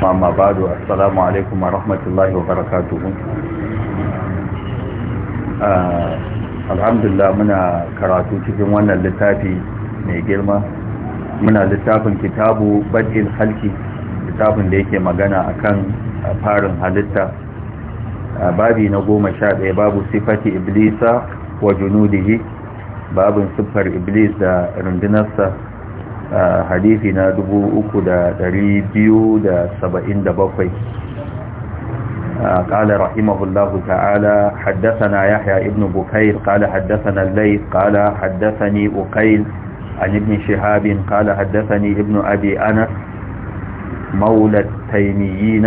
amma bado assalamu alaikum wa rahmatullahi wa barakatuhu ah, alhamdulillah muna karatu cikin wannan littafi mai girma muna littafin kitabu badil halki littafin da yake magana akan farin halitta ah, babi na goma sha ɗaya babu sifati iblisa wa junudihi babin siffar iblis da rundunarsa hadithi na 3277 قال رحمه الله تعالى حدثنا يحيى ابن بكير قال حدثنا الليث قال حدثني أقيل عن ابن شهاب قال حدثني ابن أبي أنس مولى التيميين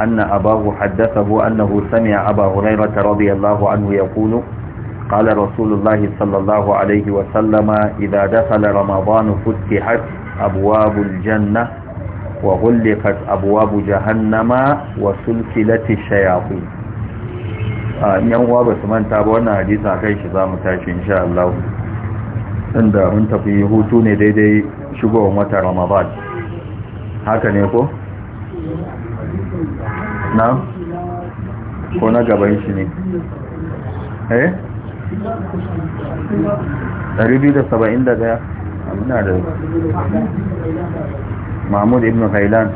أن أباه حدثه أنه سمع أبا هريرة رضي الله عنه يقول قال رسول الله صلى الله عليه وسلم إذا دخل رمضان فتحت أبواب الجنة وغلقت أبواب جهنم وسلسلة الشياطين yan uwa ba su manta ba wannan hadisi a kai shi za mu tashi insha Allah inda mun tafi hutu ne daidai shigowar wata Ramadan haka ne ko na gaban shi ne 271 ina da mahmud ibn hailan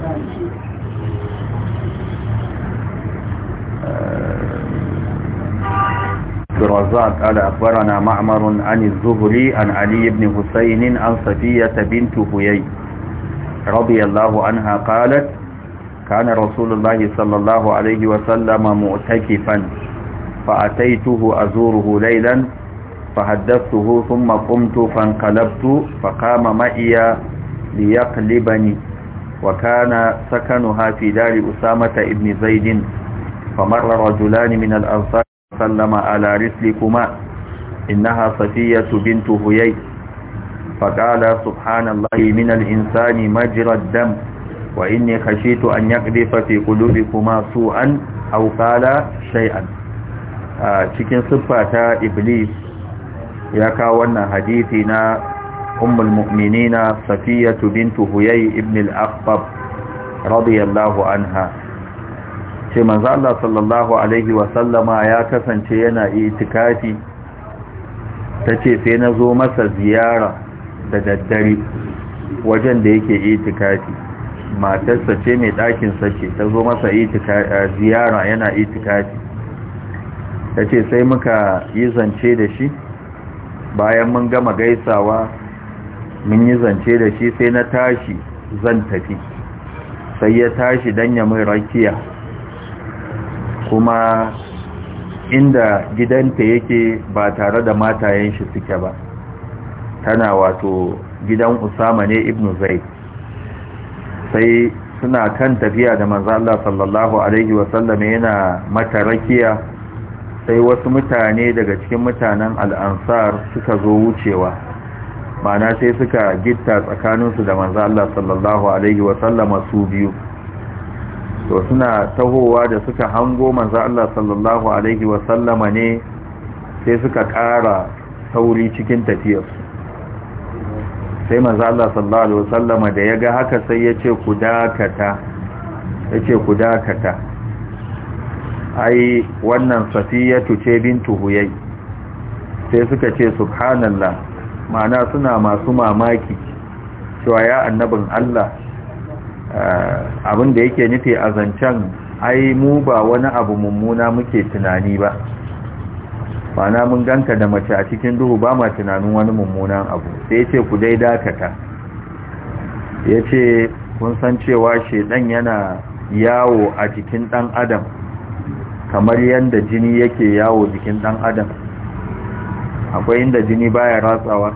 الرزاق قال أخبرنا معمر عن الزهري عن علي بن حسين عن صفية بنت هيي رضي الله عنها قالت كان رسول الله صلى الله عليه وسلم معتكفا فأتيته أزوره ليلا فحدثته ثم قمت فانقلبت فقام معي ليقلبني وكان سكنها في دار أسامة ابن زيد فمر رجلان من الأنصار سلم على رسلكما إنها صفية بنت هيي فقال سبحان الله من الإنسان مجرى الدم وإني خشيت أن يقذف في قلوبكما سوءا أو قال شيئا a cikin siffa ta iblis ya kawo wannan hadisi na ummul mu'minina safiyatu bintu huyay ibn al-aqtab radiyallahu anha ce manzo Allah sallallahu alaihi wa sallama ya kasance yana itikafi tace sai na zo masa ziyara da daddare wajen da yake itikafi matarsa ce mai ɗakinsa ce ta zo masa ziyara yana itikafi ya ce sai muka yi zance da shi bayan mun gama gaisawa mun yi zance da shi sai na tashi zan tafi sai ya tashi don ya mai rakiya kuma inda gidanta yake ba tare da matayen shi suke ba tana wato gidan usama ne ibnu zaid sai suna kan tafiya da manzo sallallahu alaihi wasallam yana mata rakiya sai wasu mutane daga cikin mutanen al'ansar suka zo wucewa mana sai suka gitta tsakaninsu da manzo Allah sallallahu alaihi wasallama su biyu to suna tahowa da suka hango manzo Allah sallallahu alaihi wasallama ne sai suka ƙara sauri cikin tafiyarsu sai manzo Allah sallallahu alaihi wasallama da ya ga haka sai ya ce ku dakata ya ce ku dakata ai wannan safiyatu ce bintu huyai sai suka ce subhanallah ma'ana suna masu mamaki cewa ya annabin Allah eh, abinda da yake nufi a zancen ai mu ba wani abu mummuna muke tunani ba mana mun ganka da mace a cikin duhu ba ma tunanin wani mummunan abu sai ya ce ku dai dakata ya ce kun san cewa shedan yana yawo a cikin dan adam kamar yadda jini yake yawo jikin dan adam akwai inda jini baya ratsawa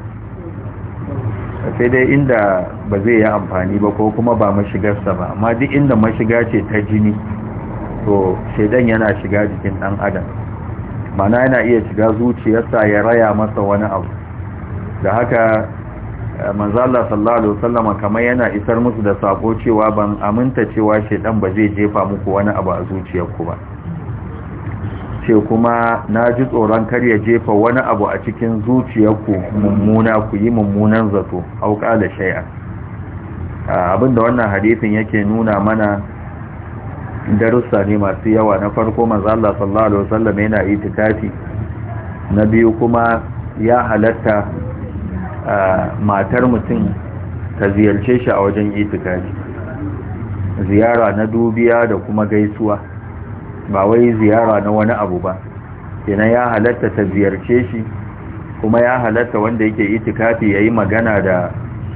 sai dai inda ba zai yi amfani ba ko kuma ba mashigarsa ba amma duk inda mashiga ce ta jini to shaidan yana shiga jikin dan adam mana yana iya shiga zuciyarsa ya raya masa wani abu da haka eh, manzala sallallahu alaihi wasallam kamar yana isar musu da sako cewa ban aminta cewa shedan ba zai jefa muku wani abu a zuciyarku ba ce kuma na ji tsoron kar ya jefa wani abu a cikin zuciyarku mummuna ku yi mummunan zato auka da shaya abinda wannan hadisin yake nuna mana darussa ne masu yawa na farko manzo Allah sallallahu alaihi wasallam yana itikafi na biyu kuma ya halatta matar mutum ta ziyarce shi a wajen itikafi ziyara na dubiya da kuma gaisuwa ba wai ziyara na wani abu ba kenan ya halatta ta ziyarce shi kuma ya halatta wanda yake itikafi yayi magana da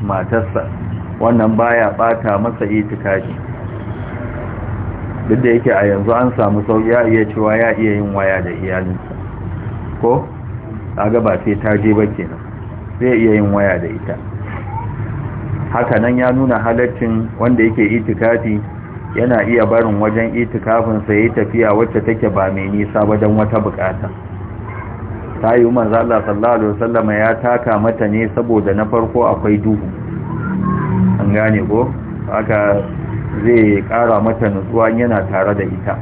matarsa wannan baya bata masa itikafi duk da yake a yanzu an samu sauki ya iya cewa ya iya yin waya da iyalinsa ko kaga ba sai ta je ba kenan zai iya yin waya da ita haka nan ya nuna halaccin wanda yake itikafi yana iya barin wajen itikafin sa yayi tafiya wacce take ba mai nisa ba dan wata bukata Ta manzo Allah sallallahu alaihi wasallam ya taka mata ne saboda na farko akwai duhu an gane ko haka zai kara mata nutsuwa yana tare da ita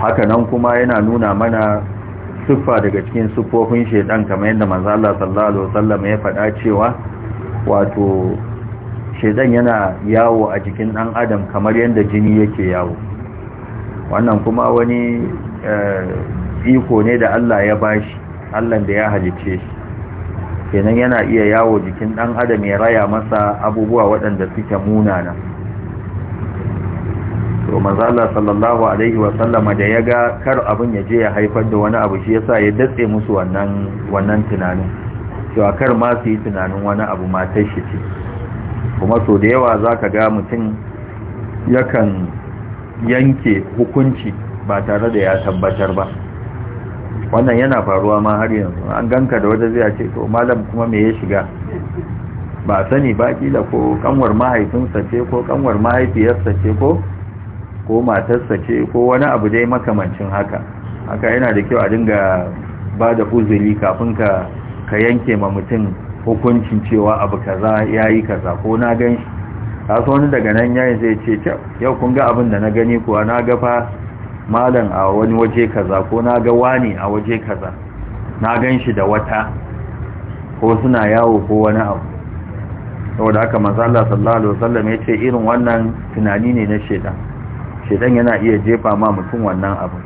haka nan kuma yana nuna mana siffa daga cikin siffofin shedan kamar yadda manzo Allah sallallahu alaihi wasallam ya faɗa cewa wato shedan yana yawo a jikin ɗan adam kamar yadda jini yake yawo wannan kuma wani eh, iko ne da Allah ya bashi Allah da ya halice shi kenan yana iya yawo jikin ɗan adam ya raya masa abubuwa waɗanda suke munana to mazala sallallahu alaihi wa sallama da ya ga kar abin ya je ya haifar da wani abu shi yasa ya datse musu wannan tunanin tunanin cewa kar ma su yi tunanin wani abu matar ce kuma so da yawa za ka ga mutum yakan yanke hukunci ba tare da ya tabbatar ba wannan yana faruwa ma har yanzu an ganka da wata zai ce to malam kuma me ya shiga ba sani ba kila ko kanwar mahaifinsa ce ko kanwar mahaifiyarsa ce ko ko matarsa ce ko wani abu dai makamancin haka haka yana da kyau a dinga ba da uzuri kafin ka yanke ma mutum hukuncin cewa abu kaza ya yi kaza ko na gan shi kasu wani daga nan yayi zai ce yau kun ga abin da na gani kuwa na ga fa malam a wani waje kaza ko na ga wani a waje kaza na gan shi da wata ko suna yawo ko wani abu saboda haka mazala sallallahu alaihi wasallam ce irin wannan tunani ne na shedan shedan yana iya jefa ma mutum wannan abu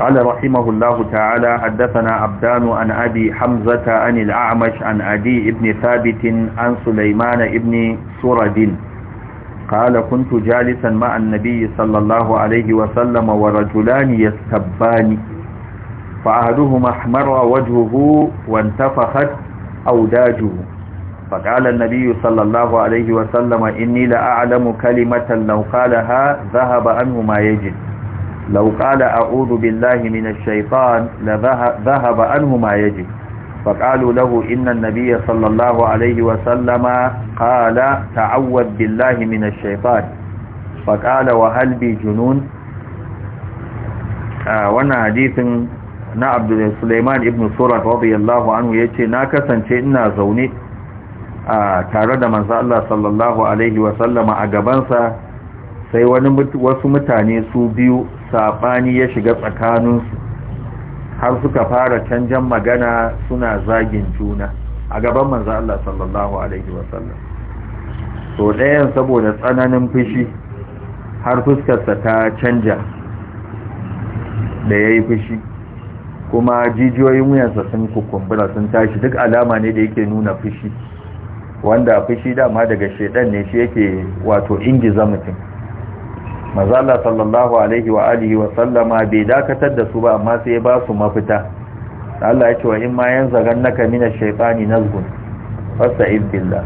قال رحمه الله تعالى حدثنا عبدان عن أبي حمزة عن الأعمش عن أبي ابن ثابت عن سليمان ابن سرد قال كنت جالسا مع النبي صلى الله عليه وسلم ورجلان يستبان فأهدهما احمر وجهه وانتفخت أوداجه فقال النبي صلى الله عليه وسلم إني لأعلم كلمة لو قالها ذهب عنه ما يجد لو قال أعوذ بالله من الشيطان لذهب عنه ما يجب فقالوا له إن النبي صلى الله عليه وسلم قال تعوذ بالله من الشيطان فقال وهل بي وانا حديث na abdul suleiman ibn surat radiyallahu anhu ce na kasance ina zaune tare da manzo Allah sallallahu alaihi wa sallama a gabansa sai wani wasu mutane su biyu saɓani ya shiga tsakaninsu har suka fara canjan magana suna zagin juna a gaban manzo Allah sallallahu alaihi wasallam to ɗayan saboda tsananin fushi har fuskarsa ta canja da ya yi fushi kuma jijiyoyin wuyansa sun kukumbura sun tashi duk alama ne da yake nuna fushi wanda fushi dama daga shaidan ne shi yake wato ingiza mutum mazala sallallahu alaihi wa alihi wa sallama bai dakatar da su ba amma sai ba su mafita Allah ya ce wa in ma yan zagan naka mina shaytani nazgun fasta'id billah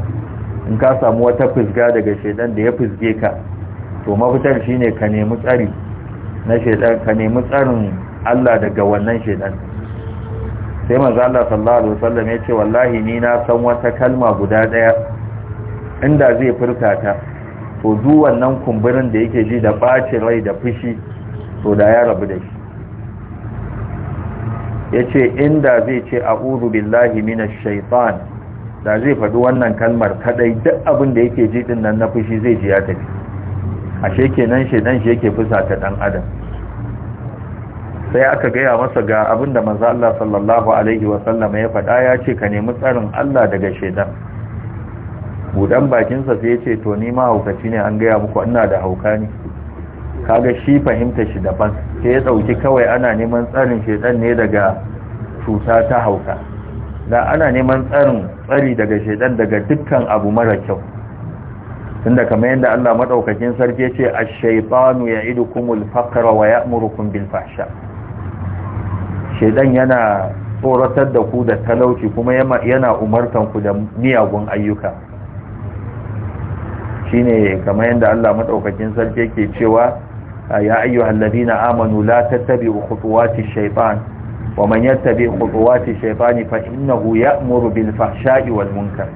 in ka samu wata fisga daga shaidan da ya fisge ka to mafitar shine ka nemi tsari na shaidan ka nemi tsarin Allah daga wannan shaidan sai manzo Allah sallallahu alaihi sallam ya ce wallahi ni na san wata kalma guda daya inda zai furta ta to duk wannan kumburin da yake ji da bacin rai da fushi to da ya rabu da shi ya ce inda zai ce a uru billahi mina shaitan da zai faɗi wannan kalmar kadai duk abin da yake ji din nan na fushi zai ji ya tafi ashe kenan nan shi yake fusa ta dan adam sai aka gaya masa ga abinda da manzo Allah sallallahu alaihi wasallam ya faɗa ya ce ka nemi tsarin Allah daga shaidan budan bakinsa sai ya ce to ni ma haukaci ne an gaya muku ina da hauka ne kaga shi fahimta shi daban sai ya dauki kawai ana neman tsarin shedan ne daga cuta ta hauka da ana neman tsarin tsari daga shedan daga dukkan abu mara kyau tunda kamar yadda Allah madaukakin sarki ya ce ash-shaytanu ya'idukumul faqra wa ya'murukum bil fahsha shedan yana tsoratar da ku da talauci kuma yana umartan ku da miyagun ayyuka shine kamar yadda Allah madaukakin sarki yake cewa ya ayyuhal ladina amanu la tattabi'u khutuwati shaytan wa man yattabi' khutuwati shaytani fa innahu ya'muru bil fahsha'i wal munkar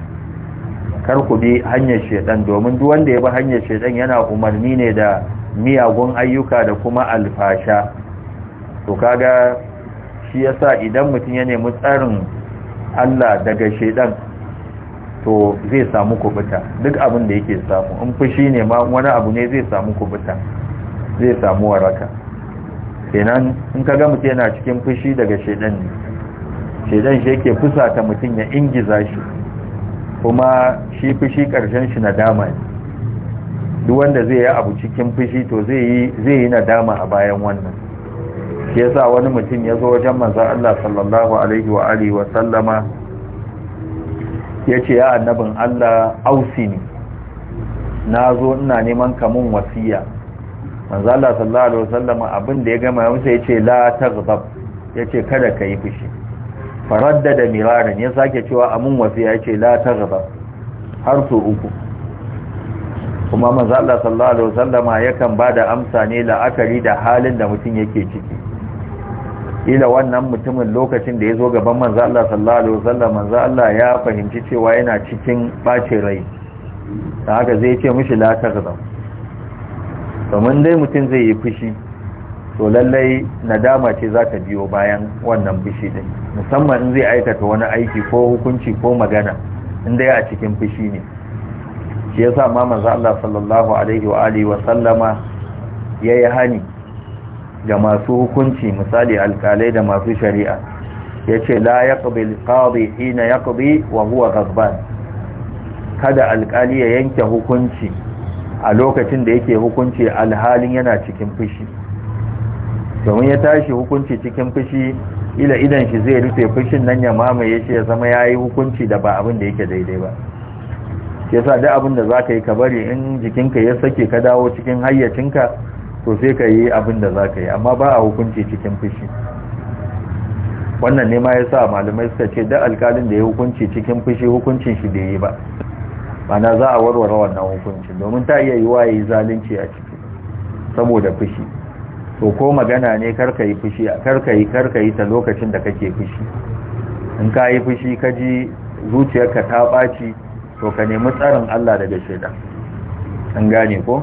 kar ku bi hanyar shaytan domin duk wanda ya bi hanyar shaytan yana umarni ne da miyagun ayyuka da kuma alfasha to kaga shi yasa idan mutum ya nemi tsarin Allah daga shaytan to zai samu kubuta duk abin da yake samu in fushi ne ma wani abu ne zai samu kubuta zai samu waraka kenan in ka ga mutum yana cikin fushi daga shedan ne shedan shi yake fusata mutum ya ingiza shi kuma shi fushi karshen shi nadama ne duk wanda zai yi abu cikin fushi to zai yi zai yi nadama a bayan wannan shi yasa wani mutum ya zo wajen manzon Allah sallallahu alaihi wa alihi wa sallama ya ce ya annabin Allah ausi ne na zo ina neman kamun wasiya manzo Allah sallallahu alaihi wasallam abin da ya gama masa yace la ya yace kada kai fushi faraddada miraran ya sake cewa amun wasiya yace la taghdab har su uku kuma manzo Allah sallallahu alaihi wasallam yakan bada amsa ne la'akari da halin da mutum yake ciki ila wannan mutumin lokacin da ya zo gaban manzo Allah sallallahu alaihi wasallam manzo Allah ya fahimci cewa yana cikin ɓace rai da haka zai ce mishi la tagzam domin dai mutum zai yi fushi to lallai nadama ce za ta biyo bayan wannan fushi din musamman in zai aikata wani aiki ko hukunci ko magana inda dai a cikin fushi ne shi yasa ma manzo Allah sallallahu alaihi wa alihi wa sallama yayi hani Da masu hukunci misali alkalai da masu shari'a Ya ce, la yaqbi ina ya ƙabi wa huwa kada alkali ya yanke hukunci a lokacin da yake hukunci alhalin yana cikin fushi domin ya tashi hukunci cikin fushi ila idan shi zai rufe fushin nan ya mamaye shi ya zama ya yi hukunci da ba abin da yake daidai ba Ke sa da abin da za ka yi ka bari in jikinka ya sake ka dawo cikin hayyacinka to sai ka yi abin da za ka yi amma ba a hukunci cikin fushi wannan ne ma ya sa malamai suka ce da alkalin da ya hukunci cikin fushi hukuncin shi bai yi ba mana za a warware wannan hukuncin domin ta iya yiwa ya yi zalunci a ciki saboda fushi to ko magana ne karka yi fushi karka yi karka yi ta lokacin da kake fushi in ka yi fushi ka ji zuciyarka ta ɓaci to ka nemi tsarin Allah daga shaidan an gane ko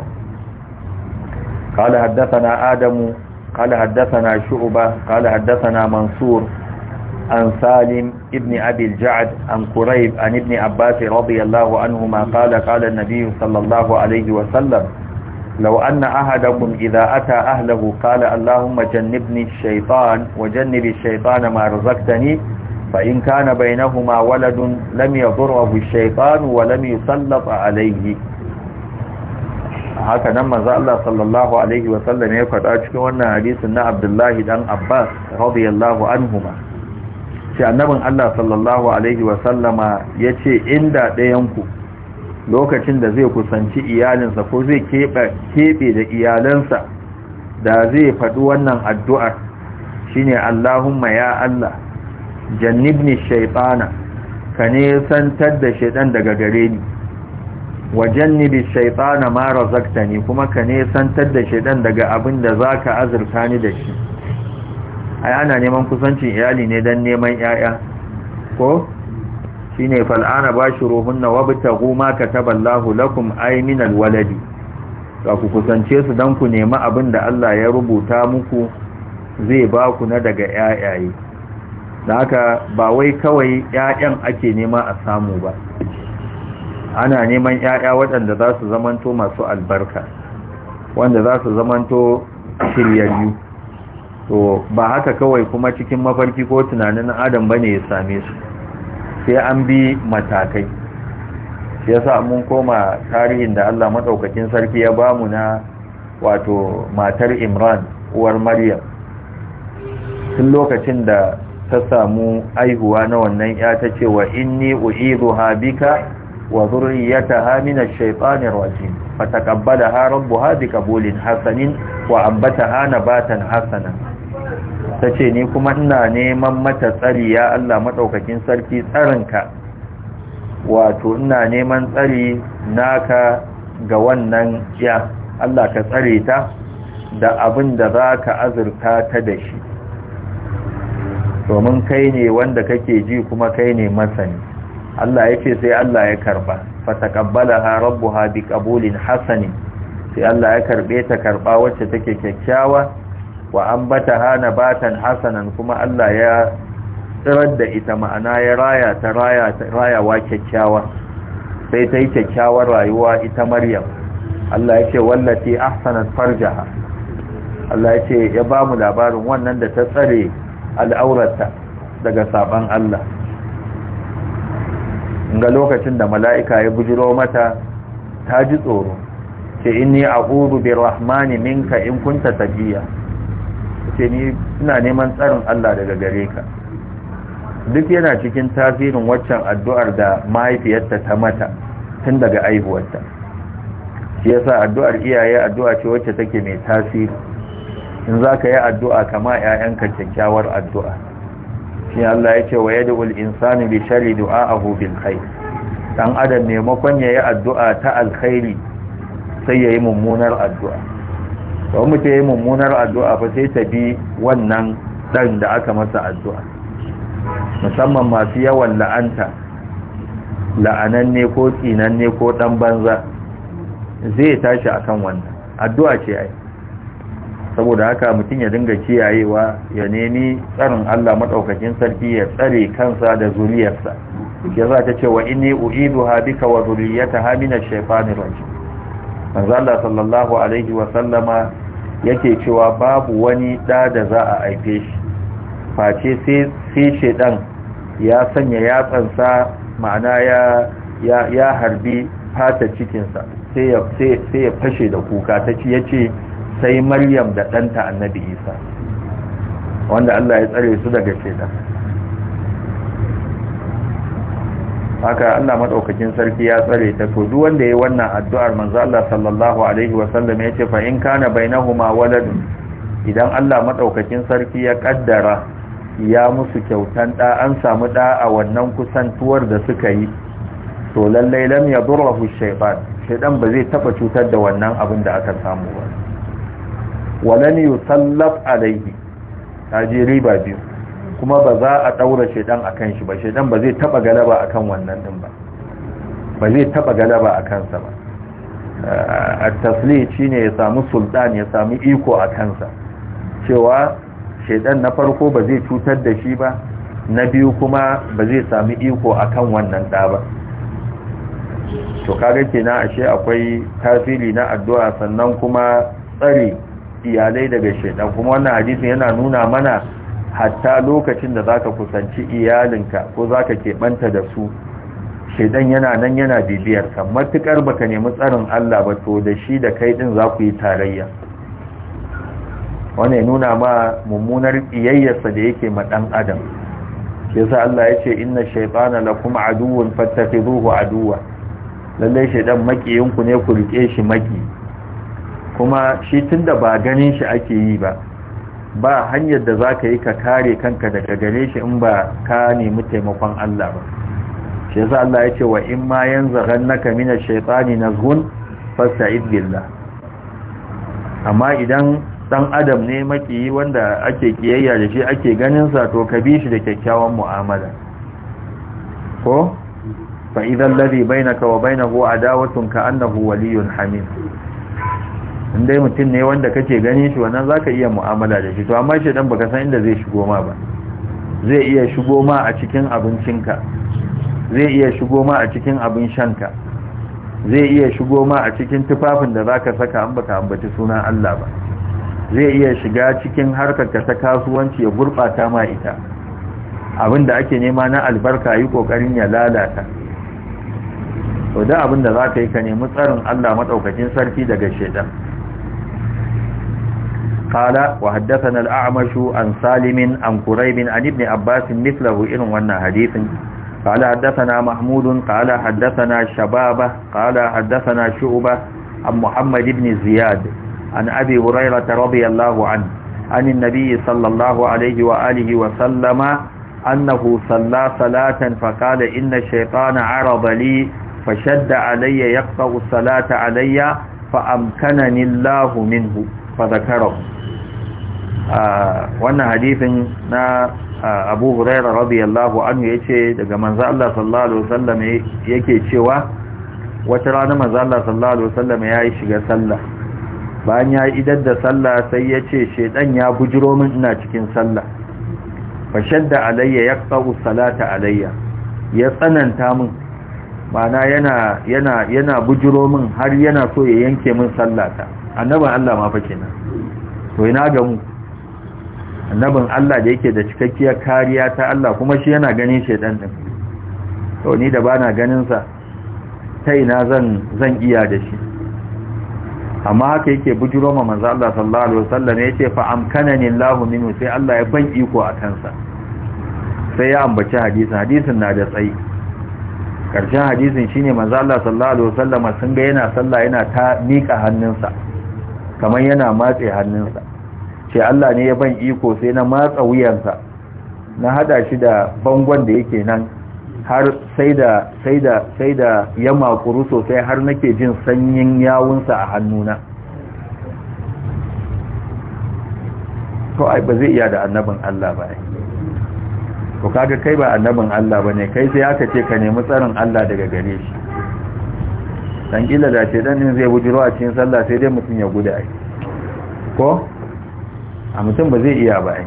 قال حدثنا آدم قال حدثنا شعبة قال حدثنا منصور عن سالم ابن أبي الجعد عن قريب عن ابن عباس رضي الله عنهما قال قال النبي صلى الله عليه وسلم لو أن أحدكم إذا أتى أهله قال اللهم جنبني الشيطان وجنب الشيطان ما رزقتني فإن كان بينهما ولد لم يضره الشيطان ولم يسلط عليه haka nan manzo Allah sallallahu alaihi wa sallam ya faɗa cikin wannan hadisin na Abdullahi dan Abbas radiyallahu anhuma sai annabin Allah sallallahu alaihi wa sallama yace inda ɗayan ku lokacin da zai kusanci iyalinsa ko zai keɓe da iyalansa da zai faɗi wannan addu'ar shine Allahumma ya Allah jannibni shaytana ka ne santar da shaytan daga gare ni bi shaytana ma razaqtani kuma ka ne da shaydan daga abin da zaka azurta ni da shi ai ana neman kusancin iyali ne dan neman yaya ko shine fal ana bashiruhunna goma ma kataballahu lakum ay min alwaladi ka ku kusance su dan ku nemi abin da Allah ya rubuta muku zai ba ku na daga yayaye da haka ba wai kawai yayan ake nema a samu ba ana neman ‘ya'ya waɗanda za su zamanto masu albarka wanda za su zamanto shiryayyu to ba haka kawai kuma cikin mafarki ko tunanin adam ba ne ya same su sai an bi matakai ya sa mun koma tarihin da Allah maɗaukakin sarki ya ba mu na wato matar imran uwar maryam tun lokacin da ta samu aihuwa na wannan ya ta cewa, wa inni uhidu habika وذريتها من الشيطان الرجيم فتقبلها ربها بقبول حسن وأنبتها نباتا حسنا tace ni kuma ina neman mata tsari ya Allah madaukakin sarki tsarinka wato ina neman tsari naka ga wannan ya Allah ka tsare ta da abin da za ka azurta ta da shi domin kai ne wanda kake ji kuma kai ne masani Allah ya ce sai Allah ya karba fataqabbalaha rabbuha biqabulin hasanin sai Allah ya karbe ta karba wacce take kyakkyawa wa ambataha nabatan hasanan kuma Allah ya tsirar da ita ma'ana ya raya ta raya rayawa kyakkyawa sai ta yi kyakkyawar rayuwa ita Maryam Allah ya ce wallati ahsanat farjaha Allah ya ce ya ba mu labarin wannan da ta tsare al'aurarta daga saban Allah ga lokacin da mala'ika ya bujiro mata ta ji tsoro ce inni a'udhu bi rahmani minka in kunta tafiya." ce ni ina neman tsarin Allah daga gare ka duk yana cikin tasirin waccan addu'ar da mahaifiyarta ta mata tun daga aihuwarta shi yasa addu'ar iyaye addu'a ce wacce take mai tasiri in zaka yi addu'a kama 'ya'yanka kyakkyawar addu'a shi Allah ya ce wa yadda insani bi shari du'a'ahu bil khair dan adam ne ya yayi addu'a ta alkhairi sai yayi mummunar addu'a to mutum yi mummunar addu'a ba sai ta bi wannan dan da aka masa addu'a musamman masu yawan la'anta la'ananne ko tsinanne ko dan banza zai tashi akan wannan addu'a ce ai saboda haka mutum ya dinga kiyayewa ya nemi tsarin Allah madaukakin sarki ya tsare kansa da zuriyarsa ya za ta ce wa inni uidu habika wa zuriyataha min ash-shaytanir rajim manzo Allah sallallahu alaihi wa sallama yake cewa babu wani da da za a aife shi face sai sai shedan ya sanya yatsansa ma'ana ya ya, harbi fatar cikinsa sai ya fashe da kuka ta yace sai maryam da ɗanta annabi isa wanda allah ya tsare su daga shaidan haka allah maɗaukakin sarki ya tsare ta to duk wanda ya yi wannan addu'ar manzo allah sallallahu alaihi wasallam ya ce fa in kana bainahuma waladun idan allah maɗaukakin sarki ya ƙaddara ya musu kyautan ɗa an samu ɗa a wannan kusantuwar da suka yi to lallai lam ya durrahu shaitan ba zai taɓa cutar da wannan abin da aka samu ba walani yusallaf alaihi kaji riba biyu kuma ba za a daura shedan akan shi ba shedan ba zai taba galaba akan wannan din ba ba zai taba galaba akan sa ba a tasli shine ya samu sultan ya samu iko a sa cewa shedan na farko ba zai cutar da shi ba na biyu kuma ba zai samu iko akan wannan ɗa ba to kaga kenan ashe akwai tasiri na addu'a sannan kuma tsari iyalai daga shaidan kuma wannan hadisin yana nuna mana hatta lokacin da zaka kusanci iyalinka ko zaka keɓanta da su shaidan yana nan yana bibiyar ka matukar baka nemi tsarin Allah ba to da shi da kai ɗin za ku yi tarayya wannan nuna ma mummunar iyayyarsa da yake ma dan adam yasa Allah ya ce inna shaytana lakum aduwwun fattakhidhuhu aduwwa Lallai shaidan makiyinku ne ku rike shi maki kuma shi tunda ba ganin shi ake yi ba ba hanyar da za ka yi ka kare kanka daga gare shi in ba ka nemi taimakon Allah ba shi yasa Allah ya ce wa in ma mina mina shaitani zuhun fasta'id billah amma idan dan adam ne makiyi wanda ake kiyayya da shi ake ganin sa to ka bi shi da kyakkyawan mu'amala ko fa idan ladhi bainaka wa bainahu adawatun ka annahu waliyyun hamim in dai mutum ne wanda kake gani shi wannan zaka iya mu'amala da shi to amma shi dan baka san inda zai shigo ma ba zai iya shigo ma a cikin abincinka zai iya shigo ma a cikin abin shanka zai iya shigo ma a cikin tufafin da zaka saka an baka ambaci sunan Allah ba zai iya shiga cikin harkar ka ta kasuwanci ya gurbata ma ita abin da ake nema na albarka yi kokarin ya lalata to da abin da zaka yi ka nemi tsarin Allah madaukakin sarki daga shaida. قال وحدثنا الأعمش عن سالم عن قريب عن ابن عباس مثله إن ونا حديث قال حدثنا محمود قال حدثنا شبابة قال حدثنا شعبة عن محمد بن زياد عن أبي هريرة رضي الله عنه عن النبي صلى الله عليه وآله وسلم أنه صلى صلاة فقال إن الشيطان عرض لي فشد علي يقطع الصلاة علي فأمكنني الله منه فذكره wannan hadithin na abu huraira radiyallahu anhu yace daga manzo Allah sallallahu alaihi wasallam yake cewa wata rana manzo Allah sallallahu alaihi wasallam yayi shiga sallah bayan ya idar da sallah sai yace shedan ya bujiro min ina cikin sallah shadda alayya yaqta'u salata alayya ya tsananta min mana yana yana yana bujiro min har yana so ya yanke min sallata annabi Allah ma fa kenan to ina ga mu annabin Allah da yake da cikakkiyar kariya ta Allah kuma shi yana ganin shaidan din to ni da bana ganin sa ta ina zan zan iya da shi amma haka yake bujuro ma manzo Allah sallallahu alaihi wasallam yace fa amkanani Allahu minhu sai Allah ya ban iko a kansa sai ya ambaci hadisin hadisin na da tsayi karshen hadisin shine manzo Allah sallallahu alaihi wasallam sun ga yana sallah yana ta mika hannunsa kamar yana matse hannunsa ce Allah ne ya ban iko sai na matsa wuyansa na hada shi da bangon da yake nan har sai da sai da sai da ya makuru sosai har nake jin sanyin yawunsa a hannuna to ai ba zai iya da annabin Allah ba ai Ko kaga kai ba annabin Allah bane kai sai aka ce ka nemi tsarin Allah daga gare shi dan kila da ce dan zai bujiro a cikin sallah sai dai mutun ya guda ai ko a mutum ba zai iya ba ai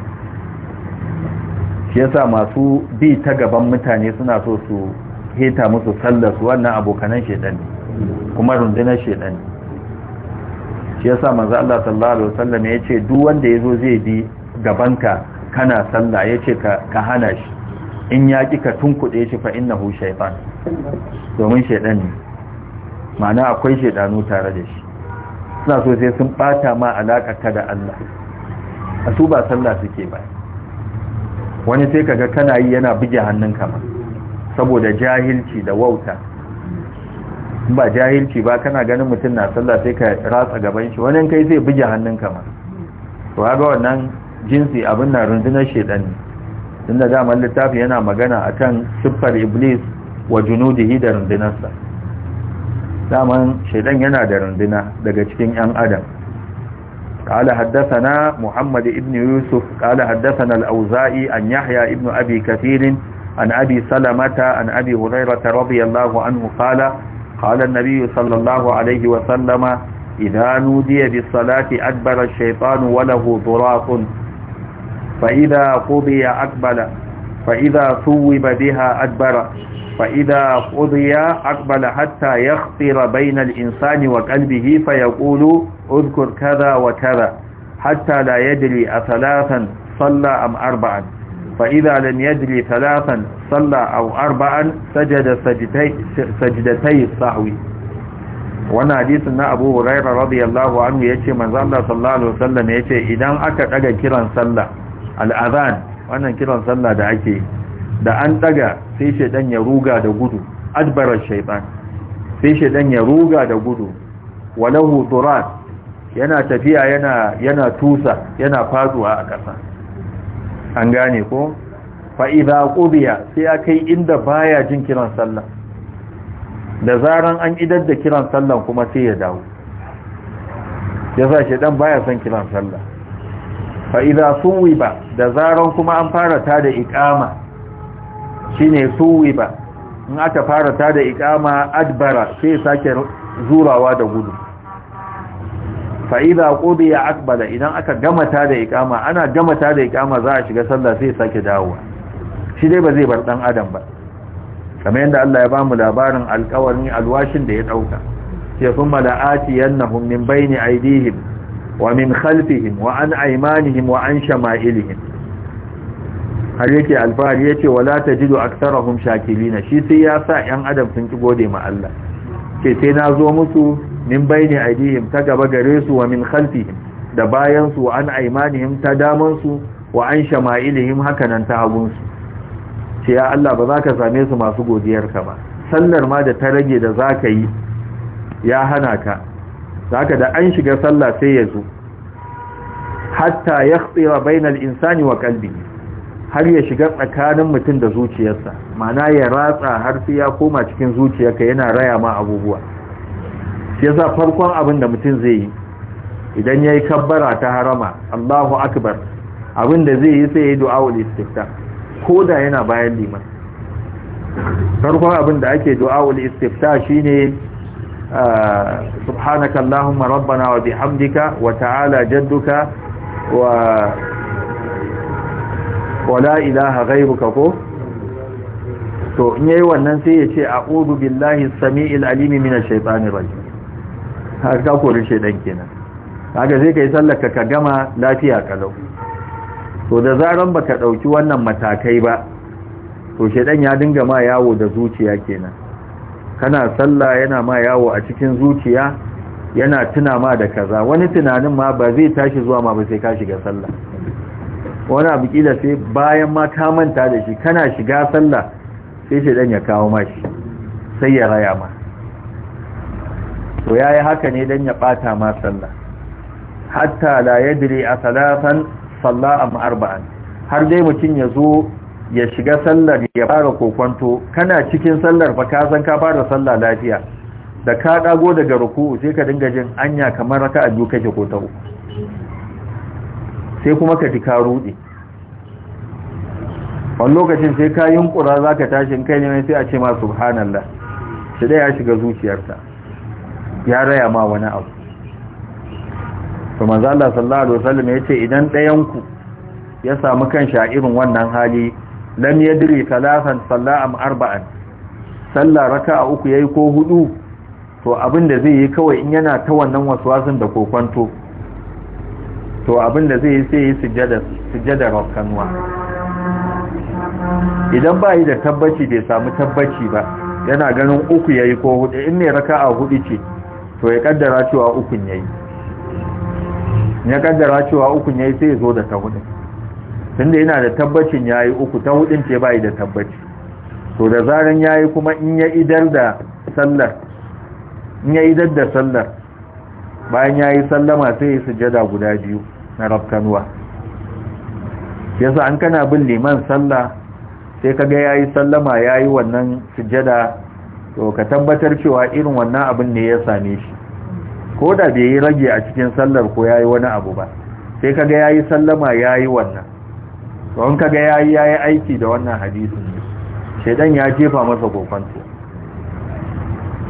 shi yasa masu bi ta gaban mutane suna so su heta musu sallar su wannan abokanan shaidan ne kuma rundunar shaidan ne shi yasa manzo Allah sallallahu alaihi wasallam yace duk wanda ya zo zai bi gabanka kana sallah yace ka ka hana shi in ya ki ka tunkuɗe shi fa innahu shaytan domin shaidan ne ma'ana akwai shedanu tare da shi suna so sai sun ɓata ma alaka ta da Allah a su ba sallah suke ba wani sai kaga kana yi yana buge hannun kama saboda jahilci da wauta ba jahilci ba kana ganin mutum na sallah sai ka ratsa gaban shi wani kai zai buge hannun kama to haka wannan jinsi abin na rundunar shedan ne tunda daman littafi yana magana a kan siffar iblis wa junudihi da rundunarsa daman shedan yana da runduna daga cikin yan adam قال حدثنا محمد ابن يوسف قال حدثنا الأوزائي عن يحيى ابن أبي كثير عن أبي سلمة عن أبي هريرة رضي الله عنه قال قال النبي صلى الله عليه وسلم إذا نودي بالصلاة أدبر الشيطان وله ضراط فإذا قضي أقبل فإذا ثوب بها أدبر فإذا قضي أقبل حتى يخطر بين الإنسان وقلبه فيقول اذكر كذا وكذا حتى لا يدري أثلاثا صلى أم أربعا فإذا لم يدري ثلاثا صلى أو أربعا سجد سجدتي, سجدتي الصحو وانا حديثنا أبو هريرة رضي الله عنه يتي من ظل صلى الله عليه وسلم يتي إذا أكد أجا كرا صلى الأذان وانا كرا صلى دا أكي دا أن تجا في شيطان يروغا دا قدو أدبر الشيطان في شيطان يروغا دا قدو وله ضرات yana tafiya yana yana tusa yana faduwa a ƙasa an gane ko fa idza qubiya sai akai inda baya jin kiran sallah da zaran an idar da kiran sallah kuma sai ya dawo yasa dan baya son kiran sallah fa idza suwiba da zaran kuma an fara ta da iqama shine suwiba in aka fara ta da iqama adbara sai sake zurawa da gudu fa idza qudiya akbala idan aka gama ta da ikama ana gama ta da ikama za a shiga sallah sai sake dawowa shi dai ba zai bar dan adam ba kamar yadda Allah ya ba mu labarin alƙawarin alwashin da ya ɗauka ya kuma la'ati yannahum min bayni aydihim wa min khalfihim wa an aymanihim wa an shama'ilihim har yake alfahari yace wala tajidu aktharahum shakilina shi sai ya sa yan adam sun ki gode ma Allah Ke sai na zo musu min bayni aidihim ta gaba gare su wa min khalfihim da bayan su an aimanihim ta daman su wa an shama'ilihim hakanan ta hagun su ce ya Allah ba za ka same su masu godiyar ka ba sallar ma da ta rage da za ka yi ya hana ka za ka da an shiga sallah sai ya zo hatta ya tsira bainal insani wa kalbi har ya shiga tsakanin mutum da zuciyarsa mana ya ratsa har sai ya koma cikin zuciyarka yana raya ma abubuwa shi yasa farkon abin da mutum zai yi idan yayi kabbara ta harama Allahu akbar abin da zai yi sai yayi du'aul istifta koda yana bayan liman farkon abin da ake du'aul istifta shine ah, subhanaka allahumma rabbana wa bihamdika wa ta'ala jadduka wa wala ilaha ghayruka ko to in yayi wannan sai ya ce a'udhu billahi as-sami'il alimi minash shaitanir rajim har ka kori shedan kenan haka zai kai yi ka ka gama lafiya kalau to da zaren ba ka ɗauki wannan matakai ba to shedan ya dinga ma yawo da zuciya kenan kana sallah yana ma yawo a cikin zuciya yana tuna ma da kaza wani tunanin ma ba zai tashi zuwa ma ba sai ka shiga sallah wani abu kila sai bayan ma ka manta da shi kana shiga sallah sai shedan ya kawo ma shi sai ya raya ma to yayi haka ne don ya ɓata ma sallah hatta la yadri a salatan salla a arba'an har dai mutum ya zo ya shiga sallar ya fara kokonto kana cikin sallar ba ka san ka fara sallah lafiya da ka dago daga ruku sai ka dinga jin anya kamar ka biyu kake ko ta uku sai kuma ka ji ka rude wani lokacin sai ka kura za ka tashin kai ne sai a ce ma subhanallah shi ya shiga zuciyarta ya raya ma wani abu to manzo Allah sallallahu alaihi wasallam ce idan ɗayan ku ya samu kan a irin wannan hali lam yadri talatan salla am arba'an salla raka'a uku yayi ko hudu to abin da zai yi kawai in yana ta wannan waswasin da kokwanto. to abin da zai yi sai yi sujjada sujjada rakanwa. idan ba yi da tabbaci bai samu tabbaci ba yana ganin uku yayi ko hudu in ne raka'a hudu ce to ya kaddara cewa ukun yayi ya kaddara cewa ukun yayi sai ya zo da ta hudu tunda yana da tabbacin yayi uku ta hudun ce bai da tabbaci to da zaran yayi kuma in ya idar da sallar in ya idar da sallar bayan yayi sallama sai ya sujjada guda biyu na rabtanwa yasa an kana bin liman sallah sai kaga yayi sallama yayi wannan sujjada to ka tabbatar cewa irin wannan abin ne ya same shi ko da bai yi rage a cikin sallar ko yayi wani abu ba sai kaga yayi sallama yayi wannan to an kaga yayi yayi aiki da wannan hadisin shedan ya jefa masa kokonto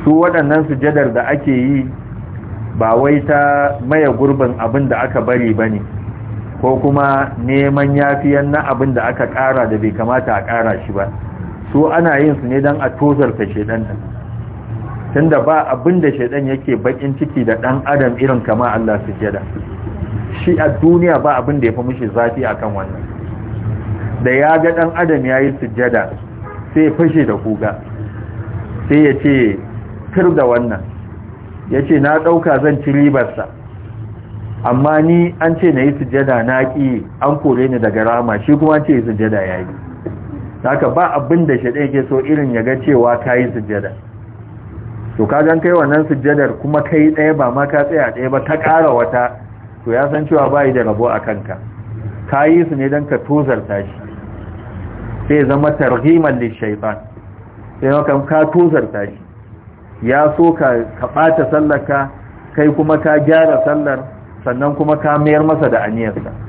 su waɗannan sujadar da ake yi ba wai ta maye gurbin abin da aka bari bane ko kuma neman yafiyan na abin da aka ƙara da bai kamata a ƙara shi ba su ana yin su ne don a tozarta shedan tunda ba abin da yake bakin ciki da dan adam irin kama Allah sujada, da shi a duniya ba abin da ya fi mushi zafi kan wannan da ya ga dan adam ya yi sujjada sai ya fashe da kuga sai ya ce fir da wannan ya ce na ɗauka zan ci ribarsa amma ni an ce na yi sujjada na ƙi an kore ni daga rama shi kuma ce yi sujjada ya yi haka ba abin da shaɗe ke so irin ya ga cewa ka yi sujjada to ka gan kai wannan sujjadar kuma ka yi ɗaya ba ma ka tsaya ɗaya ba ta ƙara wata to ya san cewa ba yi da rabo a kanka ka yi su ne don ka tozarta shi sai zama targhiman shaifan sai maka ka tozarta shi ya so ka ɓata sallarka kai kuma ka gyara sallar sannan kuma ka mayar masa da aniyarsa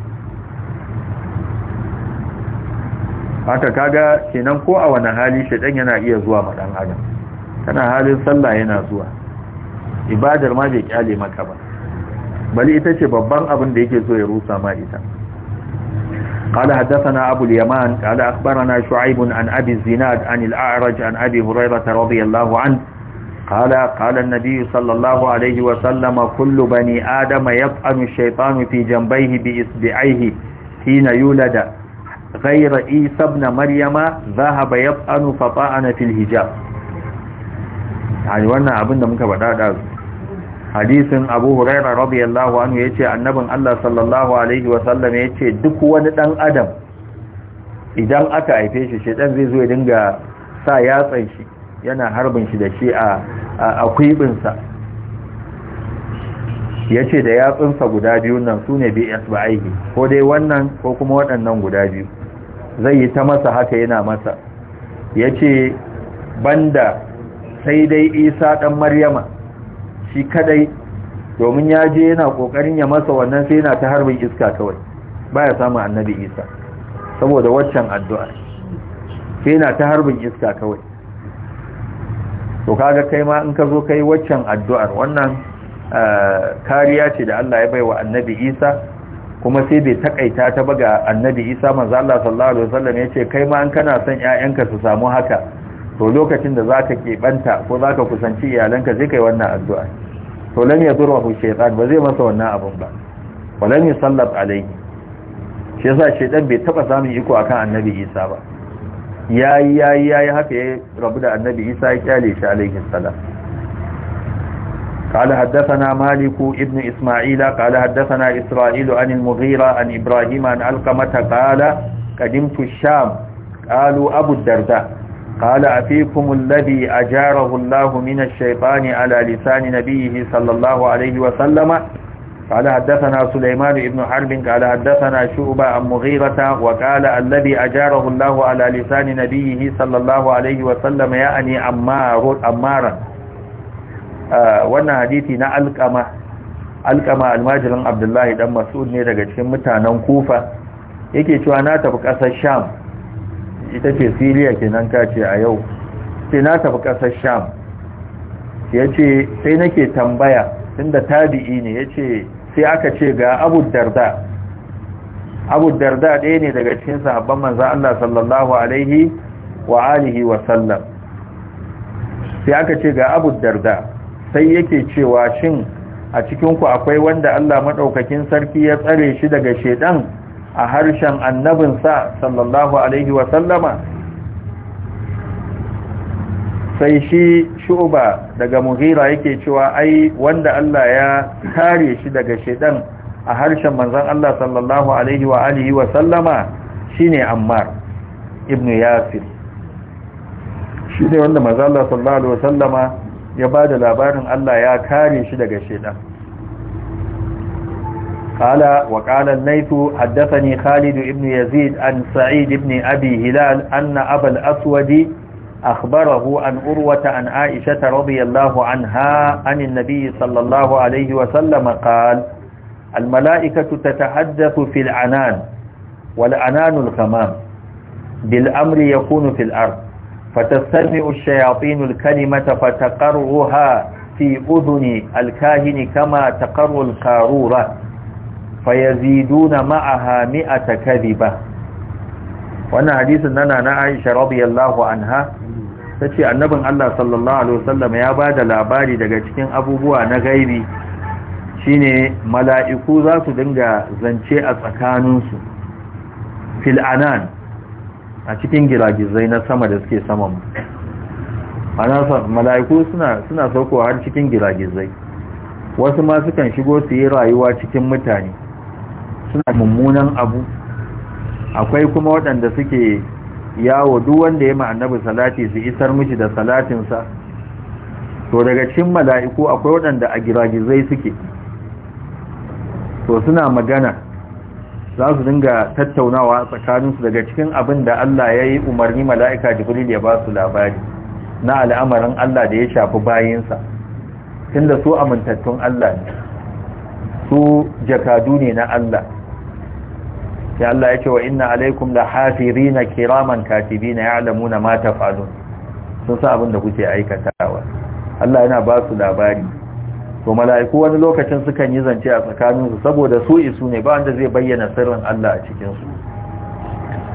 haka kaga kenan ko a wani hali shaidan yana iya zuwa ma dan adam kana halin sallah yana zuwa ibadar ma bai kyale maka ba bali ita ce babban abin da yake so ya rusa ma ita قال حدثنا أبو اليمان قال أخبرنا شعيب عن أبي الزناد عن الأعرج عن أبي هريرة رضي الله عنه قال قال النبي صلى الله عليه وسلم كل بني آدم يطعن الشيطان في جنبيه بإصبعيه حين يولد غير عيسى ابن مريم ذهب يطعن فطعن في الحجاب يعني abin da muka faɗa da hadisin Abu Hurairah radiyallahu anhu yace annabin Allah sallallahu alaihi wa sallam yace duk wani dan adam idan aka haife shi shedan zai zo ya dinga sa yatsan shi yana harbin shi da shi a a sa yace da yatsunsa guda biyun nan sune bi asba'ihi ko dai wannan ko kuma waɗannan guda biyu zai yi ta masa haka yana masa ya ce banda sai dai isa ɗan maryama shi kadai domin ya je yana ƙoƙarin ya masa wannan sai yana ta harbin iska kawai ba ya samun annabi isa saboda waccan addu'a sai yana ta harbin iska kawai to kaga kai ma in ka zo kai waccan addu'ar wannan eh, kariya ce da Allah ya bai wa annabi isa kuma sai bai takaita ta ba ga annabi isa manzo Allah sallallahu alaihi wasallam yace kai ma an kana son ƴaƴanka su samu haka to lokacin da zaka keɓanta ko zaka kusanci iyalanka zai kai wannan addu'a to lam yadurruhu shaytan ba zai masa wannan abun ba walam yusallat alayhi shi yasa shaytan bai taba samun iko akan annabi isa ba yayi yayi yayi haka ya rabu da annabi isa ya kyale shi alaihi salam قال حدثنا مالك ابن إسماعيل قال حدثنا إسرائيل عن المغيرة عن إبراهيم عن ألقمة قال قدمت الشام قالوا أبو الدرداء قال أفيكم الذي أجاره الله من الشيطان على لسان نبيه صلى الله عليه وسلم قال حدثنا سليمان بن حرب قال حدثنا شعبة عن مغيرة وقال الذي أجاره الله على لسان نبيه صلى الله عليه وسلم يعني عمار عمارا wannan hadisi na alkama Alƙama almajirin abdullahi dan mas'ud ne daga cikin mutanen kufa yake cewa na tafi ƙasar sham ita ce siriya kenan ka ce a yau ce na tafi ƙasar sham ya ce sai nake tambaya tunda tabi'i ne ya ce sai aka ce ga abu darda abu darda ɗaya ne daga cikin sahabban manzan Allah sallallahu alaihi wa alihi wa sallam sai aka ce ga abu darda sai yake cewa shin a cikinku akwai wanda Allah maɗaukakin sarki ya tsare shi daga shedan a harshen annabinsa sallallahu alaihi wasallama sai shi shuba daga muhira yake cewa ai wanda Allah ya kare shi daga shedan a harshen manzon Allah sallallahu alaihi wa alihi wa sallama shine Ammar ibn Yasir ne wanda manzon Allah sallallahu alaihi wa sallama ya ba da labarin Allah ya kare shi daga shaidan قال وقال الليث حدثني خالد بن يزيد عن سعيد بن أبي هلال أن أبا الأسود أخبره عن أروة عن عائشة رضي الله عنها عن النبي صلى الله عليه وسلم قال الملائكة تتحدث في العنان والعنان الغمام بالأمر يكون في الأرض فتستمع الشياطين الكلمة فتقرها في أذن الكاهن كما تقر القارورة فيزيدون معها مئة كذبة وأن حديث أننا نعيش رضي الله عنها تشي النبي الله صلى الله عليه وسلم يا بعد الأباري دقشكين أبو بوا نغيري shine mala'iku za su dinga zance a tsakaninsu fil'anan a cikin giragizai na sama da suke saman nasa, mala'iku suna suna saukowa har cikin giragizai wasu ma sukan shigo su yi rayuwa cikin mutane suna mummunan abu akwai kuma waɗanda suke yawo duk wanda ya annabi salati su isar mishi da salatinsa to daga cikin mala'iku akwai waɗanda a giragizai suke to suna magana za su dinga tattaunawa tsakaninsu daga cikin abin da Allah ya yi umarni mala'ika jibril ya ba su labari na al'amarin Allah da ya shafi bayinsa tun da su amintattun Allah ne su jakadu ne na Allah Ya Allah ya ce wa inna alaikum la hafirina kiraman katibina na mata taf'alun sun sa abin da kuke aikatawa Allah yana ba su labari to mala'iku wani lokacin sukan yi zance a tsakanin su saboda su isu ne ba wanda zai bayyana sirrin Allah a cikinsu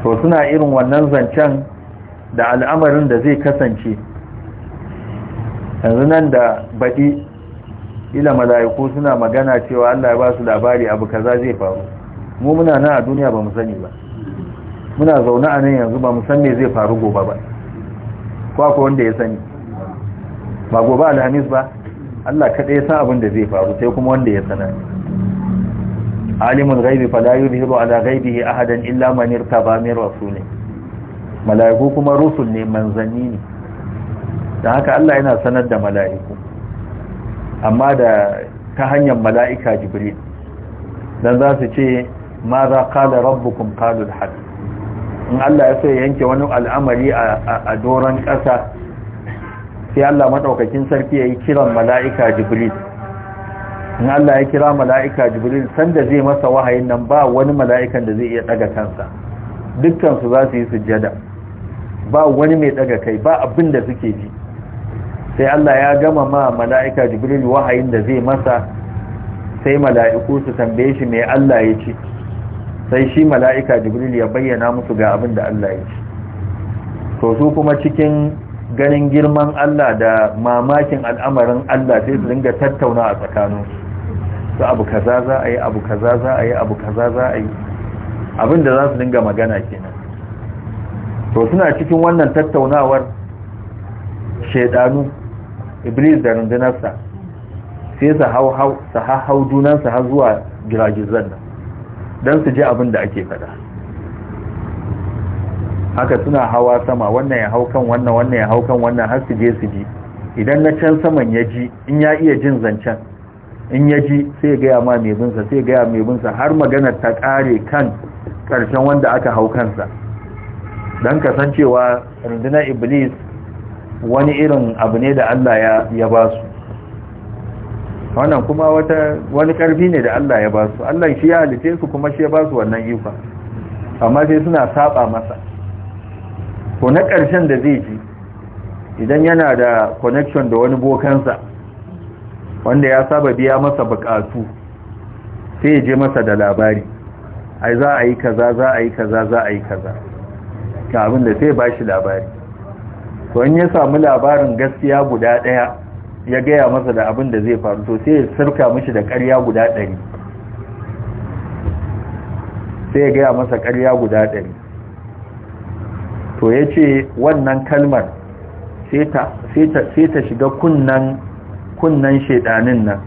to suna irin wannan zancen da al'amarin da zai kasance yanzu nan da baɗi ila mala'iku suna magana cewa Allah ya ba su labari abu kaza zai faru mu muna nan a duniya ba mu sani ba muna zaune a nan yanzu ba mu san me zai faru gobe ba ko akwai wanda ya sani ba gobe alhamis ba Allah kaɗai ya san abin da zai faru sai kuma wanda ya sanar alimul ghaibi fala yuzhiru ala ghaibihi ahadan illa man irtaba min rasuli malaiku kuma rusul ne manzanni ne dan haka Allah yana sanar da malaiku amma da ta hanyar malaika jibril dan za su ce ma za qala rabbukum qalu al in Allah ya so ya yanke wani al'amari a doron ƙasa sai Allah madaukakin sarki yayi kiran mala'ika Jibril in Allah ya kira mala'ika Jibril sanda zai masa wahayin nan ba wani mala'ikan da zai iya daga kansa dukkan su za su yi sujada ba wani mai daga kai ba abin da suke ji sai Allah ya gama ma mala'ika Jibril wahayin da zai masa sai mala'iku su tambaye shi me Allah ya ce sai shi mala'ika Jibril ya bayyana musu ga abin da Allah ya ce to su kuma cikin ganin girman Allah da mamakin al'amarin Allah sai su dinga tattauna a tsakanin su abu kaza za a yi abu kaza za a yi abu kaza za a yi da za su dinga magana kenan to suna cikin wannan tattaunawar shaidanu iblis da rundunarsa sai su hau-hau su hau junansu har zuwa giragizan nan don su ji abin da ake fada haka suna hawa sama wannan ya hau kan wannan wannan ya hau kan wannan har su je su ji idan na can saman ya ji in ya iya jin zancen in ya ji sai ya gaya ma mai binsa sai ya gaya mai binsa har magana ta kare kan ƙarshen wanda aka hau kansa don kasancewa runduna iblis wani irin abu ne da Allah ya ba su wannan kuma wani karfi ne da Allah ya ba su Allah shi ya halice su kuma shi ya ba su wannan iko amma sai suna saba masa ko na ƙarshen da zai ji idan yana da connection da wani bokansa wanda ya saba biya masa bukatu sai ya je masa da labari ai za a yi kaza za a yi kaza za a yi kaza ka abin da sai ba shi labari to in ya samu labarin gaskiya guda ɗaya ya gaya masa da abin da zai faru to sai ya sirka mishi da ƙarya guda ɗari sai ya gaya masa ƙarya guda ɗari to ya ce wannan kalmar sai ta shiga kunnan shaidanin nan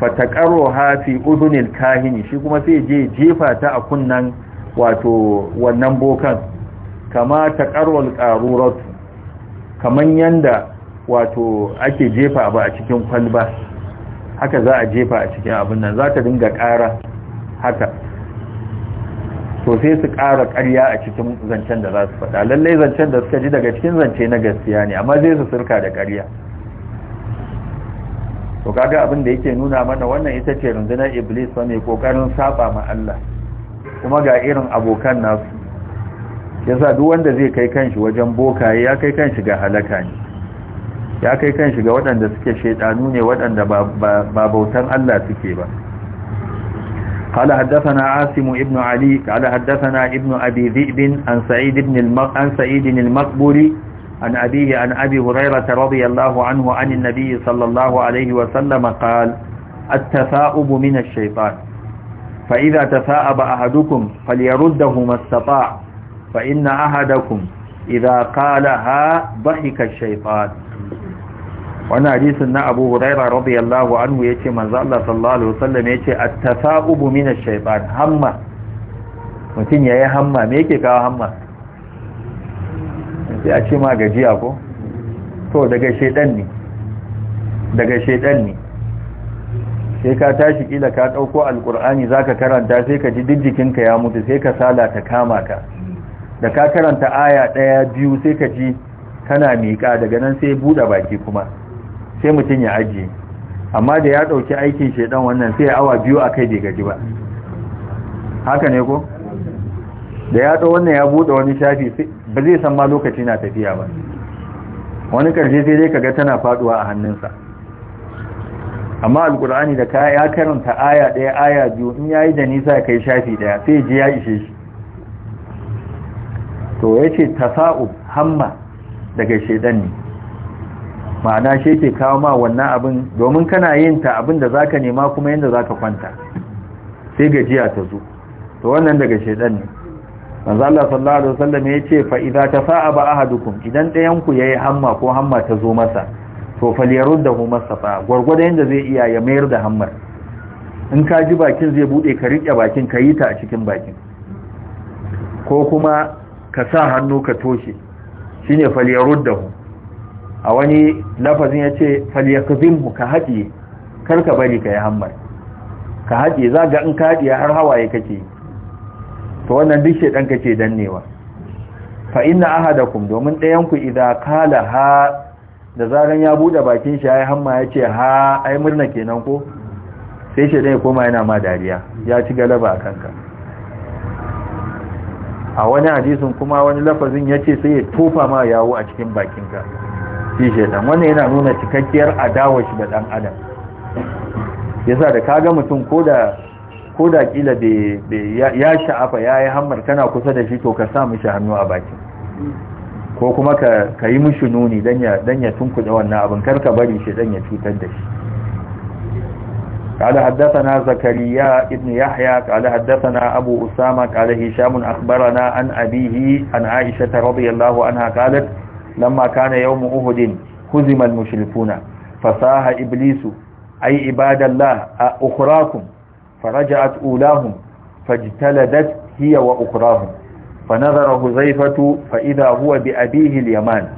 fatakaro hafi udunil kahini shi kuma sai je jefa ta a kunnan wato wannan bokan kama takarwar ƙaruratu kamar yadda wato ake jefa ba a cikin kwalba haka za a jefa a cikin abin nan za ta dinga ƙara haka to sai su ƙara ƙarya a cikin zancen da za su faɗa lallai zancen da suka ji daga cikin zance na gaskiya ne amma zai su surka da ƙarya to kaga abin da yake nuna mana wannan ita ce rundunar iblis ba mai kokarin saba ma Allah kuma ga irin abokan nasu yasa duk wanda zai kai kanshi wajen bokaye ya kai kanshi ga halaka ne ya kai kanshi ga waɗanda suke shaidanu ne waɗanda ba bautan Allah suke ba قال حدثنا عاصم ابن علي قال حدثنا ابن أبي ذئب عن سعيد بن المق... عن سعيد المقبولي عن أبيه عن أبي هريرة رضي الله عنه عن النبي صلى الله عليه وسلم قال التثاؤب من الشيطان فإذا تثاءب أحدكم فليرده ما استطاع فإن أحدكم إذا قالها ضحك الشيطان wani hadisin na abu huraira radiyallahu anhu ya ce manzo Allah sallallahu alaihi wasallam ya ce at-tasa'ubu min ash-shaytan hamma mutum yayi hamma me yake kawo hamma sai a ce ma gajiya ko to daga shaytan ne daga shaytan ne sai ka tashi kila ka dauko alqur'ani zaka karanta sai ka ji dijjikinka ya mutu sai ka sala ta kama ka da ka karanta aya daya biyu sai ka ji kana miƙa daga nan sai buɗe baki kuma sai mutum ya ajiye amma da ya ɗauki aikin shaidan wannan sai awa biyu a kai gaji ba haka ne ko da ya wannan ya buɗe wani shafi ba zai san ma lokaci na tafiya ba wani karshe sai dai kaga tana faɗuwa a hannunsa amma alkur'ani da kaya ya karanta aya ɗaya aya biyu in yayi da nisa kai shafi ɗaya sai ji ya ishe shi to yace tasa'u hamma daga shaidan ne ma'ana shi ke kawo ma wannan abin domin kana yin ta abin da zaka nema kuma yanda zaka kwanta sai gajiya ta zo to wannan daga shedan ne manzo Allah sallallahu alaihi wasallam ce fa idza tafa'aba ahadukum idan dayan ku yayi hamma ko hamma ta zo masa to falyaruddahu masafa gurgurda yanda zai iya ya mayar da hammar in ka ji bakin zai bude ka rike bakin ka yi ta a cikin bakin ko kuma ka sa hannu ka toshe shine falyaruddahu a wani lafazin ya ce falyakzimhu ka haɗe kar bari ka yi hammar ka haɗe za ga in ka haɗe har hawaye kake to wannan duk shaidan kake dannewa fa ina aha da kuma domin ɗayanku idan kala ha da zaran ya buɗe bakin shi ya yi hamma ya ce ha ai murna kenan ko sai shaidan ya koma yana ma dariya ya ci galaba a kanka a wani hadisin kuma wani lafazin ya ce sai ya tofa ma yawo a cikin bakinka shi shaitan wannan yana nuna cikakkiyar adawa shi da dan adam yasa da kaga mutum koda koda kila ya sha'afa yayi hammar kana kusa da shi to ka sa mishi hannu a baki ko kuma ka yi mishi nuni dan ya dan ya tunkuɗe wannan abin karka bari shi dan ya cutar da shi قال حدثنا زكريا ابن يحيى قال حدثنا أبو أسامة قال هشام أخبرنا عن أبيه عن عائشة رضي الله عنها قالت لما كان يوم أهد هزم المشرفون فصاح إبليس أي عباد الله أخراكم فرجعت أولاهم فاجتلدت هي وأخراهم فنظر هزيفة فإذا هو بأبيه اليمان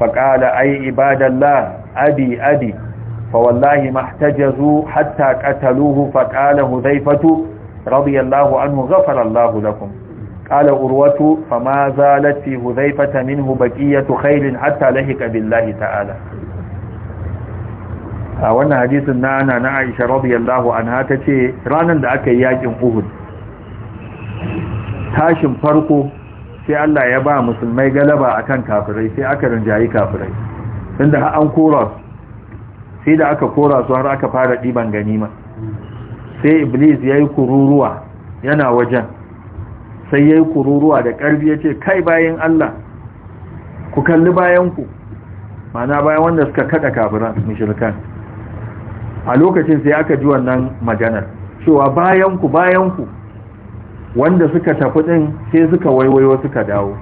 فقال أي عباد الله أبي أبي فوالله ما احتجزوا حتى قتلوه فقال هذيفة رضي الله عنه غفر الله لكم قال عروة فما زالت في هذيفة منه بقية خير حتى لحق بالله تعالى a wannan hadisin na ana na aisha radiyallahu anha ta ce ranar da aka yi yakin uhud tashin farko sai Allah ya ba musulmai galaba akan kafirai sai aka rinjayi kafirai inda an kora sai da aka kora su har aka fara ɗiban ganima sai iblis ya yi kururuwa yana wajen sai yayi kururuwa da karbi yace kai bayin Allah ku kalli bayan ku mana bayan wanda suka kada kafiran mushrikan a lokacin sai aka ji wannan maganar cewa bayan ku bayan wanda suka tafi ɗin sai suka waiwayo suka dawo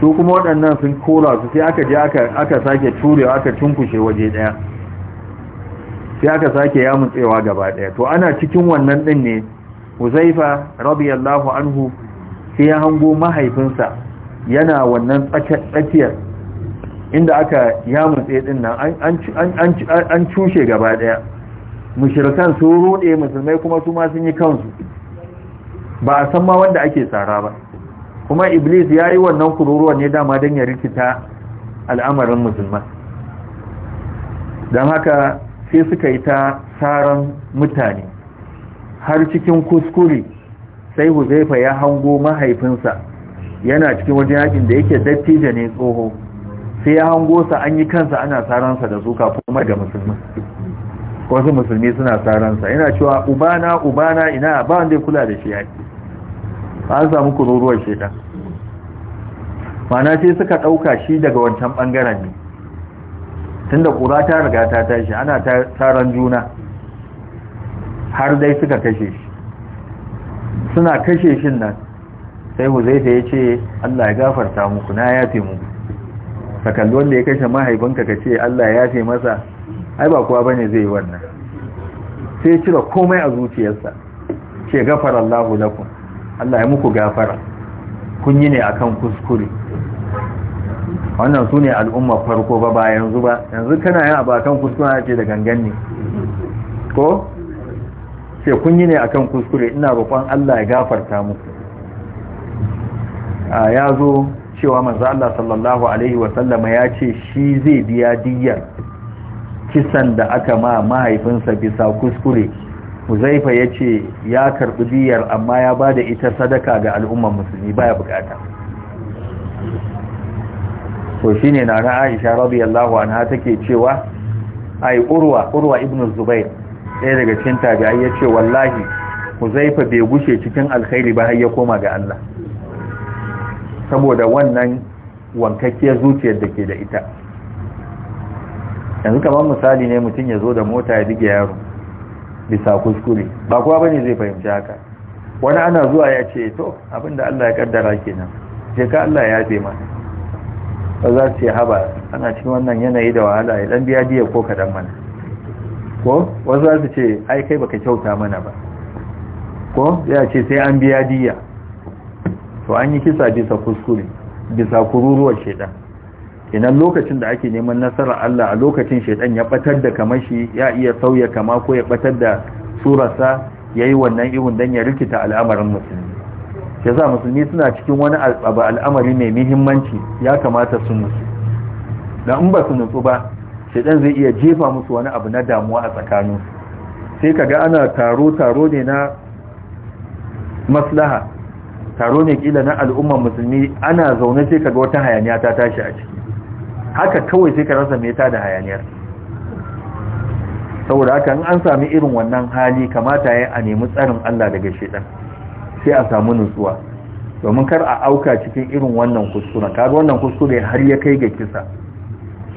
su kuma waɗannan sun kora su sai aka je aka sake turewa aka tunkushe waje ɗaya sai aka sake tsewa gaba ɗaya to ana cikin wannan ɗin ne huzaifa radiyallahu anhu sai ya hango mahaifinsa yana wannan tsakiyar inda aka yamutse din nan an cushe gaba daya mushirkan sun rode musulmai kuma su ma sun yi kansu ba a san ma wanda ake tsara ba kuma iblis ya yi wannan kururuwa ne dama don ya rikita al'amarin musulman don haka sai suka yi ta tsaron mutane har cikin kuskure sai huzaifa ya hango mahaifinsa yana cikin wajen yakin da yake da ne tsoho sai ya hango sa an yi kansa ana saransa da su kafin da musulmi wasu musulmi suna saransa yana cewa ubana ubana ina ba wanda ya kula da shi yaki an samu kururuwar shaidan mana sai suka ɗauka shi daga wancan ɓangaren ne tunda ƙura ta riga ta tashi ana taron juna har dai suka kashe shi suna kashe shi nan sai huzaita ya ce Allah ya gafarta muku na yafe fi ka kalli wanda ya kashe mahaifinka ka ce Allah ya yafe masa ai ba kowa bane zai wannan sai cire komai a zuciyarsa ce gafara Allahu lakum Allah ya muku gafara kun yi ne a kan kuskure wannan su ne al'umma farko ba ba yanzu ba yanzu kana yin abakan kuskure ce da gangan ko ce kun yi ne a kan kuskure ina roƙon Allah ya gafarta muku a ya zo cewa manzo Allah sallallahu alaihi wa sallama ya ce shi zai biya diyar. kisan da aka ma mahaifinsa bisa kuskure Huzaifa ya ce ya karɓi diyar amma ya ba da ita sadaka ga al'ummar musulmi baya bukata shi ne na na Aisha radiyallahu anha take cewa ai urwa urwa ibn Zubair ɗaya daga cikin tabi'ai ya ce wallahi huzaifa bai gushe cikin alkhairi ba har ya koma ga Allah saboda wannan wankakkiyar zuciyar da ke da ita yanzu kamar misali ne mutum ya zo da mota ya dige yaro bisa kuskure ba kowa ne zai fahimci haka wani ana zuwa ya ce to abinda Allah ya kaddara kenan je ka Allah ya yafe mana ba za su ce haba ana cikin wannan yanayi da wahala ya dan biya diya ko kadan mana ko wasu za su ce ai kai baka kyauta mana ba ko ya ce sai an biya diya to an yi kisa bisa kuskure bisa kururuwar shaidan. idan lokacin da ake neman nasarar Allah a lokacin shaidan ya batar da kamashi ya iya sauya kama ko ya batar da surarsa ya yi wannan ihun don ya rikita al'amarin musulmi ya sa musulmi suna cikin wani al'amari mai muhimmanci ya kamata su nutsu da in ba su nutsu ba dan zai iya jefa musu wani abu na damuwa a tsakaninsu sai kaga ana taro-taro ne na maslaha taro ne kila na al'ummar musulmi ana zaune sai kaga wata hayaniya ta tashi a ciki haka kawai sai ka rasa mai da hayaniyar saboda haka an sami irin wannan hali kamata ya a nemi tsarin Allah daga shaidan sai a samu nutsuwa domin kar a auka cikin irin wannan kuskure kaga wannan kuskure har ya kai ga kisa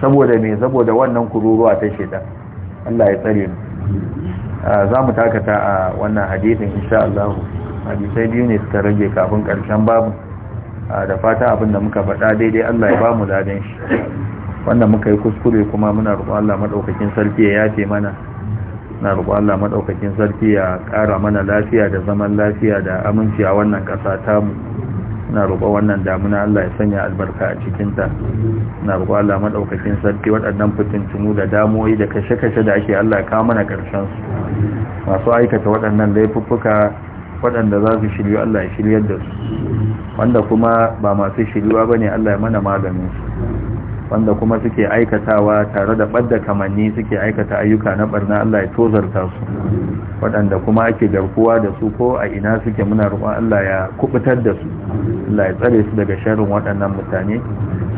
saboda me saboda wannan kururuwa ta shaitan Allah ya tsare mu za mu takata a wannan hadisin insha Allah hadisai biyu ne suka rage kafin karshen babu da fata abin da muka faɗa daidai Allah ya bamu ladan shi wanda muka yi kuskure kuma muna roƙon Allah madaukakin sarki ya yafe mana na roƙon Allah madaukakin sarki ya ƙara mana lafiya da zaman lafiya da aminci a wannan ƙasa tamu na roƙon wannan damuna Allah ya sanya albarka a cikinta na roƙon Allah maɗaukacin sarki waɗannan fitintunu da damoyi da kashe-kashe da ake Allah ya kawo mana ƙarshen su masu aikata waɗannan laifuffuka waɗanda za su shiryu Allah ya shiryar da su wanda kuma ba masu shiryuwa ba ne Allah ya mana maganin su wanda kuma suke aikatawa tare da ɓadda kamanni suke aikata ayyuka na barna Allah ya tozarta su waɗanda kuma ake garkuwa da su ko a ina suke muna roƙon Allah ya kubutar da su Allah ya tsare su daga sharrin waɗannan mutane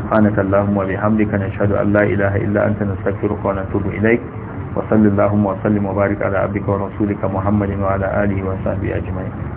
subhanaka allahumma bihamdika nashhadu an la ilaha illa anta nastaghfiruka wa natubu ilaik wa sallallahu wa sallim wa barik ala abdika wa rasulika muhammadin wa ala alihi wa sahbihi ajma'in